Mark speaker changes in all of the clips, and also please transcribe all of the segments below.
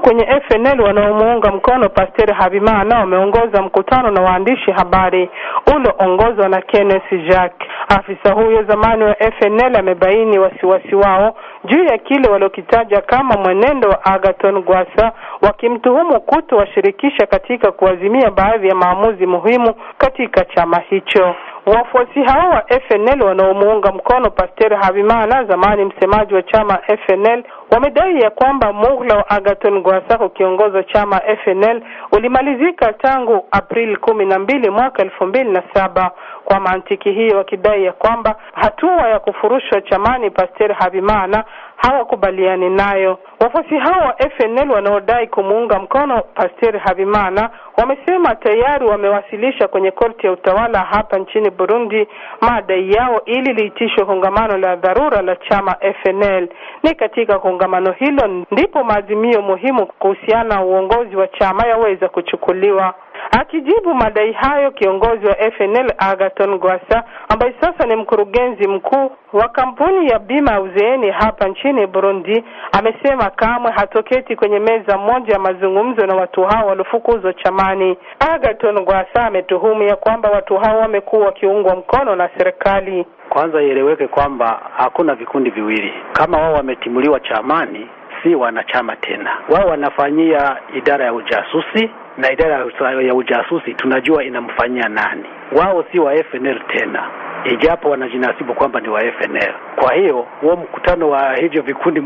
Speaker 1: Kwenye FNL wanaomuunga mkono Pasteri Habimana wameongoza mkutano na waandishi habari ulioongozwa na Kenneth Jacques. Afisa huyo zamani wa FNL amebaini wasiwasi wao juu ya kile waliokitaja kama mwenendo wa agaton Gwasa, wakimtuhumu kutowashirikisha katika kuazimia baadhi ya maamuzi muhimu katika chama hicho. Wafuasi hao wa FNL wanaomuunga mkono Pasteur Habimana, zamani msemaji wa chama FNL, wamedai ya kwamba muhula wa agaton Gwasa kiongozi chama FNL ulimalizika tangu Aprili kumi na mbili mwaka elfu mbili na saba. Kwa mantiki hiyo, wakidai ya kwamba hatua ya kufurushwa chamani Pasteur Habimana hawakubaliani nayo. Wafuasi hao wa FNL wanaodai kumuunga mkono Pasteri Habimana wamesema tayari wamewasilisha kwenye korti ya utawala hapa nchini Burundi madai yao ili liitishwe kongamano la dharura la chama FNL. Ni katika kongamano hilo ndipo maazimio muhimu kuhusiana na uongozi wa chama yaweza kuchukuliwa. Akijibu madai hayo, kiongozi wa FNL agaton Gwasa ambaye sasa ni mkurugenzi mkuu wa kampuni ya bima ya uzeeni hapa nchini Burundi amesema kamwe hatoketi kwenye meza moja ya mazungumzo na watu hao waliofukuzwa chamani. agaton Gwasa ametuhumu ya kwamba watu hao wamekuwa wakiungwa mkono na serikali.
Speaker 2: Kwanza ieleweke kwamba hakuna vikundi viwili. Kama wao wametimuliwa chamani, si wanachama tena, wao wanafanyia idara ya ujasusi na idara ya ujasusi tunajua inamfanyia nani. Wao si wa FNL tena, ijapo wanajinasibu kwamba ni wa FNL. Kwa hiyo huo mkutano wa hivyo vikundi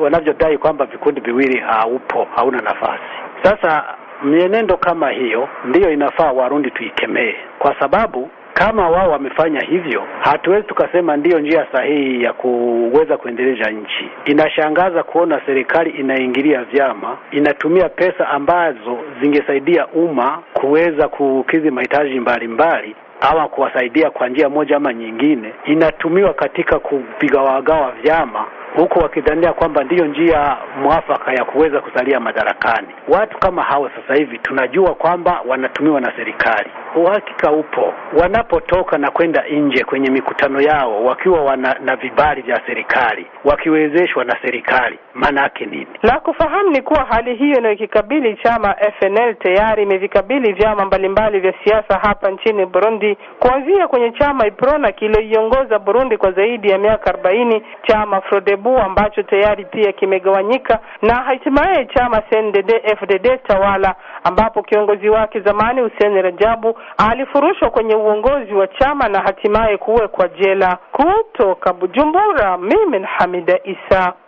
Speaker 2: wanavyodai kwamba vikundi viwili haupo, hauna nafasi. Sasa mienendo kama hiyo ndiyo inafaa Warundi tuikemee, kwa sababu kama wao wamefanya hivyo, hatuwezi tukasema ndiyo njia sahihi ya kuweza kuendeleza nchi. Inashangaza kuona serikali inaingilia vyama, inatumia pesa ambazo zingesaidia umma kuweza kukidhi mahitaji mbalimbali ama kuwasaidia kwa njia moja ama nyingine, inatumiwa katika kupigawagawa vyama huku wakidhania kwamba ndiyo njia mwafaka ya kuweza kusalia madarakani. Watu kama hao sasa hivi tunajua kwamba wanatumiwa na serikali. Uhakika upo, wanapotoka na kwenda nje kwenye mikutano yao wakiwa wana na vibali vya serikali, wakiwezeshwa na serikali, maana yake nini?
Speaker 1: La kufahamu ni kuwa hali hiyo inayokikabili chama FNL tayari imevikabili vyama mbalimbali vya siasa hapa nchini Burundi, kuanzia kwenye chama IPRONA kilioiongoza Burundi kwa zaidi ya miaka arobaini, chama FRODEB Kiarabu ambacho tayari pia kimegawanyika, na hatimaye chama CNDD FDD tawala ambapo kiongozi wake zamani Hussein Rajabu alifurushwa kwenye uongozi wa chama na hatimaye kuwekwa jela. Kutoka Bujumbura, mimi Hamida Isa.